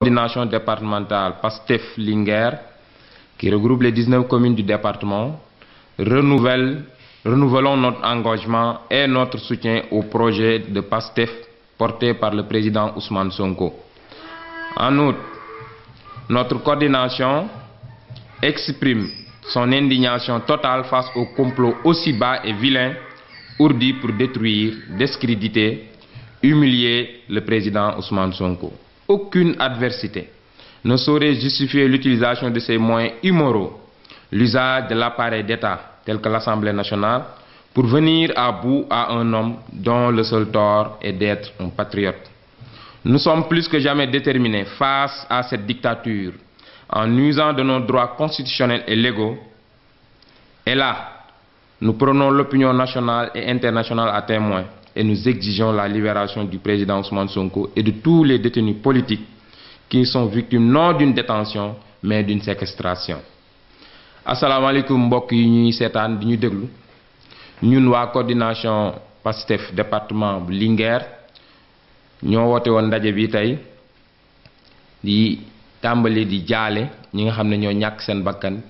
coordination départementale PASTEF Linguère, qui regroupe les 19 communes du département, renouvelle, renouvelons notre engagement et notre soutien au projet de PASTEF porté par le président Ousmane Sonko. En outre, notre coordination exprime son indignation totale face au complot aussi bas et vilain ourdi pour détruire, discréditer, humilier le président Ousmane Sonko. aucune adversité ne saurait justifier l'utilisation de ces moyens immoraux, l'usage de l'appareil d'État tel que l'Assemblée nationale, pour venir à bout à un homme dont le seul tort est d'être un patriote. Nous sommes plus que jamais déterminés face à cette dictature en usant de nos droits constitutionnels et légaux. Et là, nous prenons l'opinion nationale et internationale à témoin et nous exigeons la libération du président Ousmane Sonko et de tous les détenus politiques qui son victimes non d'une détention mais d'une séquestration asalaamaaleykum mbokk yi ñuy seetaan di ñu déglu ñun waa coordination PASTEF département bu Linguère ñoo woote woon ndaje bi tey di tàmbali di jaale ñi nga xam ne ñoo ñàkk seen bakkan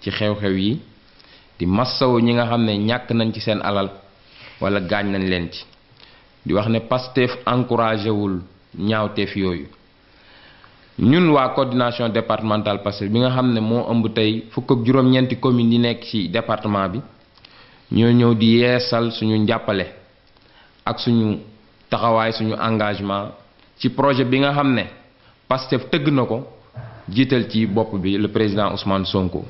ci xew-xew yi di massawu ñi nga xam ne ñàkk nañ ci seen alal wala gaañ nañ leen ci di wax ne Pastef encouragé wul ñaawteef yooyu ñun waa coordination départementale Pastef bi nga xam ne moo ëmb tey fukk ak juróom-ñeenti communes nekk ci département bi ñoo ñëw di yeesal suñu njàppale ak suñu taxawaay suñu engagement ci projet bi nga xam ne Pastef tëgg na ko jiital ci bopp bi le président Ousmane Sonko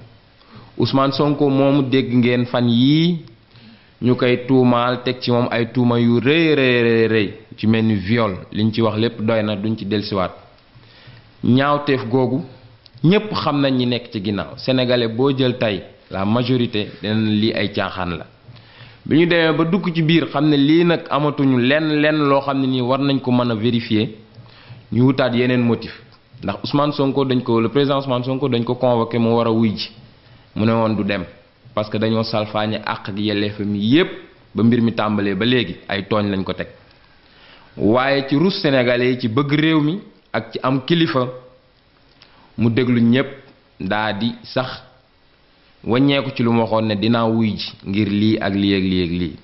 Ousmane Sonko moomu dégg ngeen fan yii ñu koy tuumaal teg ci moom ay tuuma yu rëy rëy rëy ci mel ni li liñ ci wax lépp doy na duñ ci dellusiwaat ñaawteef googu ñépp xam nañ ñi nekk ci ginnaaw sénégalais boo jël tey la majorité dinañ lii ay caaxaan la bi ñu demee ba dugg ci biir xam ne lii nag amatuñu lenn lenn loo xam ne nii war nañ ko mën a vérifier ñu wutaat yeneen motif ndax Ousmane Sonko dañ ko le président Ousmane Sonko dañ ko convoqué mu war wuy ji mu ne woon du dem parce que dañoo salfaane àq ak yelleefam yépp ba mbir mi tàmbalee ba léegi ay tooñ lañu ko teg waaye ci rus sénégalais yi ci bëgg réew mi ak ci am kilifa mu déglu ñépp daa sax waññeeku ci lu mu waxoon ne dinaa wuy ji ngir lii ak lii ak lii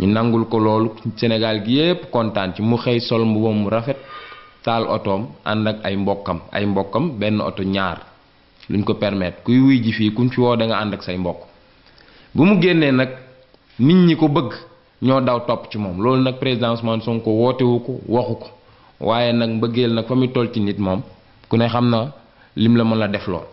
ñu nangul ko loolu senegal gi yépp kontaan ci mu xëy sol mbubam mu rafet taal otoom ànd ak ay mbokkam ay mbokkam benn oto ñaar luñ ko permettre kuy wuy ji fii kuñ fi woo da nga ànd ak say mbokk bu mu génnee nag nit ñi ko bëgg ñoo daw topp ci moom loolu nag président Ousmane Sonko wootewu ko waxu ko waaye nag mbëggeel nag fa muy toll ci nit moom ku ne xam na lim la mën a def lool.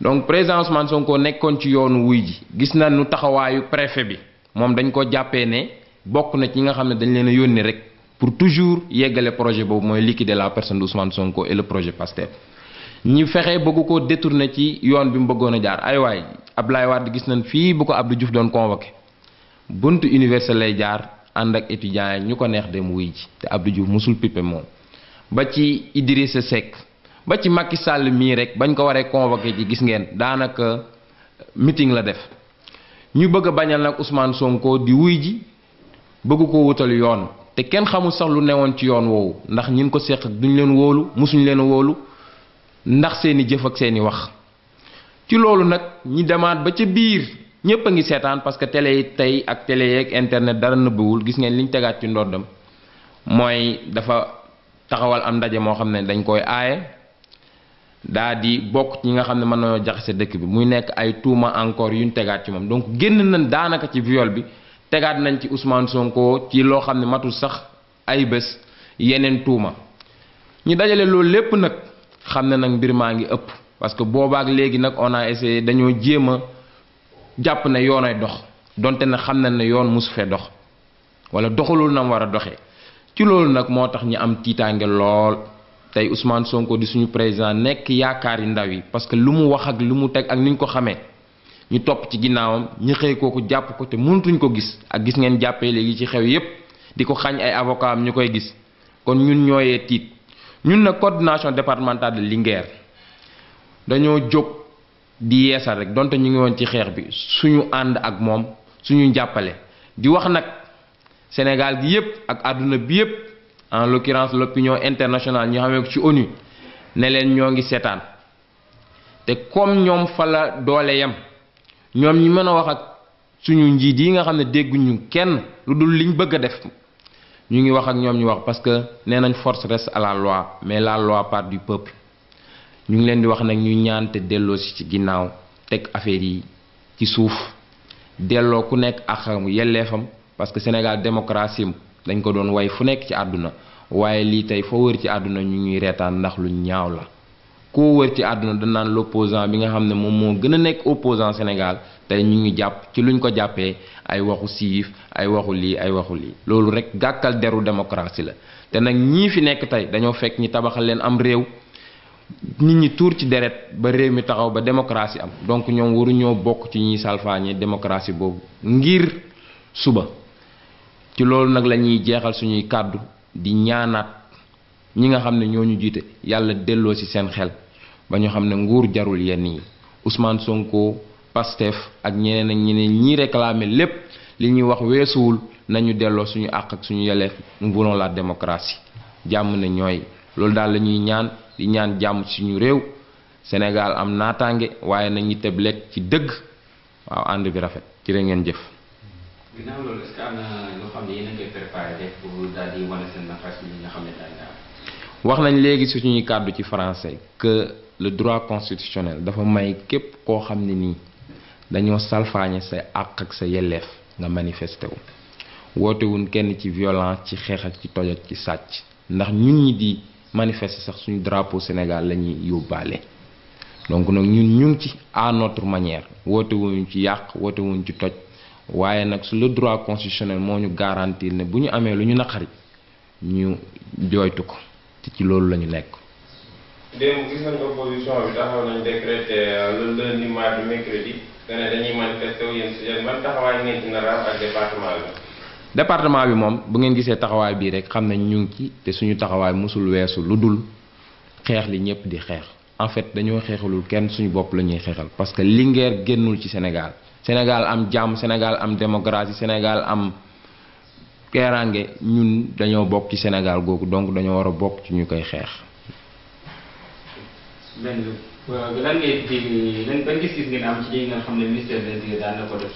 donc président Ousmane Sonko nekkoon ci yoonu wuy ji gis na nu taxawaayu préfet bi moom dañ ko jàppee ne bokk na ci nga xam ne dañ leen a yónni rek pour toujours yeggale projet boobu mooy liquider la personne de Ousmane Sonko et projet Pastef ñi fexe bëgg ko détourné ci yoon bi mu bëggoon a jaar ay waay Ablaye Wade gis nañ fii bu ko Abdou Diouf doon convoqué bunt université jaar ànd ak étudiants yi ñu ko neex dem wuy ji te Abdou Diouf mosul pipe moom ba ci Idrissa Seck ba ci Macky sàll mii rek bañ ko waree convoqué ci gis ngeen daanaka miting la def ñu bëgg a bañal nag Ousmane Sonko di wuy ji bëgg ko wutal yoon te kenn xamul sax lu woon ci yoon woowu ndax ñin ko seq duñ leen wóolu musuñ ndax seeni jëf ak seeni wax ci loolu nag ñi demaat ba ca biir ñépp a ngi seetaan parce que télé yi tey ak télé yeeg internet dara nëbbuwul gis ngeen li ñu tegaat ci ndoddam mooy dafa taxawal am ndaje moo xam ne dañ koy aaye daa di bokk ci ñi nga xam ne mën nañoo jaxase dëkk bi muy nekk ay tuuma encore yu ñu tegaat ci moom donc génn nañ daanaka ci viol bi tegaat nañ ci Ousmane Sonko ci loo xam ne matul sax ay bés yeneen tuuma ñu dajale loolu lépp nag xam na nag mbir maa ngi ëpp parce que boobaak léegi nag on a essayé dañoo jéem a jàpp ne yoonay dox donte ne xam na ne yoon mosu fee dox wala doxalul na mu war a doxe ci loolu nag moo tax ñu am tiitaange lool tey Ousmane Sonko di suñu président nekk yaakaar yaakaari ndaw yi parce que lu mu wax ak lu mu teg ak ni ñu ko xamee ñu topp ci ginnaawam ñu xëy kooku jàpp ko te muntuñ ko gis ak gis ngeen jàppee léegi ci xew yépp di ko xañ ay avocat am ñu koy gis kon ñun ñooyee ñun nag coordination départementale de Linguère dañoo jóg di yeesal rek donte ñu ngi woon ci xeex bi suñu ànd ak moom suñu jàppale di wax nag Sénégal gi yépp ak àdduna bi yépp en l'occurrence l'opinion internationale ñu xamee ko ci ONU ne leen ñoo ngi seetaan te comme ñoom fa la doole yam ñoom ñi mën a wax ak suñu njiit yi nga xam ne dégguñu kenn lu dul liñ bëgg a def ñu ngi wax ak ñoom ñu wax parce que nee nañ force reste à mais la loi part du peuple ñu ngi leen di wax nag ñu ñaan te delloo ci ginnaaw teg affaire yi ci suuf delloo ku nekk axam yelleefam parce que Sénégal démocratie dañ ko doon way fu nekk ci àdduna waaye lii tey foo wër ci àdduna ñu ñuy reetaan ndax lu ñaaw la koo wër ci àdduna danaan l' opposant bi nga xam ne moom moo gën a nekk opposant Sénégal tey ñu ngi jàpp ci lu luñ ko jàppee ay waxu siif ay waxu lii ay waxu lii loolu rek gàkkal deru démocratie la te nag ñii fi nekk tey dañoo fekk ñi tabaxal leen am réew nit ñi tuur ci deret ba réew mi taxaw ba démocratie am donc ñoom waruñoo bokk ci ñuy salfaañe démocratie boobu ngir suba ci loolu nag lañuy jeexal suñuy kàddu di ñaanaat ñi nga xam ne ñoo ñu jiite yàlla delloo ci seen xel ba ñu xam ne nguur jarul yenn yi Ousmane Sonko Pastef ak ñeneen ak ñeneen ñi réclamer lépp li ñuy wax weesuwul nañu delloo suñu àq suñu yeleef nous voulons la démocratie jàmm na ñooy loolu daal lañuy ñaan di ñaan jàmm suñu réew Sénégal am naataange waaye nañu tebleeg ci dëgg waaw ànd bi rafet ci jërë ngeen jëf. wax nañ léegi suñuy kàddu ci français que le droit constitutionnel dafa may képp koo xam ne nii. dañoo salfaañe sa àq ak sa yelleef nga manifesté wu wootewuñ kenn ci violence ci xeex ak ci toj ak ci sàcc ndax ñun ñi di manifester sax suñu drapo Sénégal la ñuy yóbbaale donc nag ñun ñu ngi ci à notre manière wootewuñu ci yàq woote wootewuñ ci toj waaye nag su le droit constitutionnel moo ñu garantir ne bu ñu amee lu ñu naqari ñu jooytu ko te ci loolu la ñu nekk. dana département bi. moom bu ngeen gisee taxawaay bii rek xam nañ ñu ci te suñu taxawaay mosul weesu lu dul xeex li ñëpp di xeex en fait dañoo xeexalul kenn suñu bopp la ñuy xeexal parce que Linguère génnul ci Sénégal Sénégal am jàmm Sénégal am démocratie Sénégal am. keeraange ñun dañoo bokk ci Sénégal googu donc dañoo war a bokk ci ñu koy xeex. waaw xam na ko def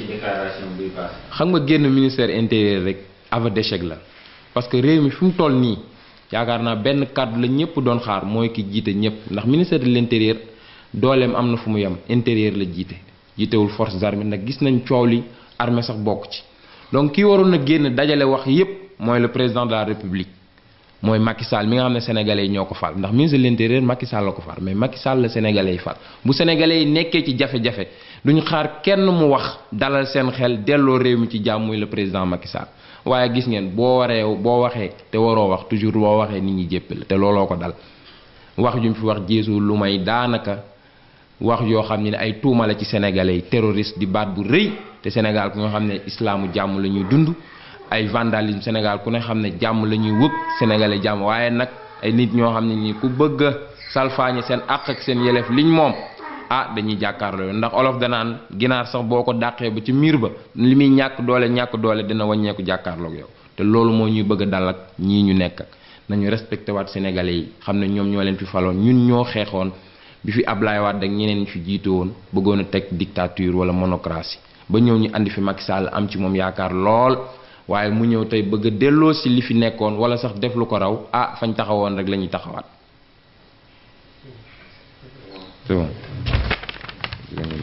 xam nga génn ministère intérieur rek ava d'échec la parce que réew mi fi mu toll nii yaakaar naa benn kàddu la ñëpp doon xaar mooy ki jiite ñëpp ndax ministère de l'intérieur dooleem am na fu mu yem intérieur la jiite jiitewul force armées nag gis nañ coow li armée sax bokk ci donc ki waroon na génn dajale wax yépp mooy le président de la république. mooy Macky Sall mi nga xam ne sénégalais yi ñoo ko fal ndax ministre de l'intérieur Macky Sall la ko fal mais Macky Sall la sénégalais yi fal bu sénégalais yi nekkee ci jafe-jafe ñu xaar kenn mu wax dalal seen xel delloo réew mi ci jàmm muy le président Macky Sall waaye gis ngeen boo waree boo waxee te waroo wax toujours boo waxee nit ñi jépp la te looloo ko dal wax ju mu fi wax jeesu lu may daanaka wax yoo xam ne ay tuuma la ci sénégalais yi terroriste di baat bu rëy te Sénégal ku xam ne islaamu jàmm la ñuy dund ay vandalisme Sénégal ku ne xam ne jàmm la ñuy wëpp sénégalais jàmm waaye nag ay nit ñoo xam ne nii ku bëgg a salfaañi seen àq ak seen yelef liñ moom ah dañuy jàkkaarloo ndax olof danaan ginaar sax boo ko dàqee ba ci miir ba li muy ñàkk doole ñàkk doole dina waññeeku jàkkaarloog yow te loolu moo ñuy bëgg dal ak ñii ñu nekk nañu respecté waat sénégalais yi xam ne ñoom ñoo leen fi faloon ñun ñoo xeexoon bi fi Ablaye Wade ak ñeneen fi jiite woon bëggoon a teg dictature wala monocratie ba ñëw ñu andi fi Macky Sall am ci moom yaakaar waaye mu ñëw tey bëgg delloo si li fi nekkoon wala sax def lu ko raw ah fañ taxawoon rek lañuy taxawaat. c'est hmm.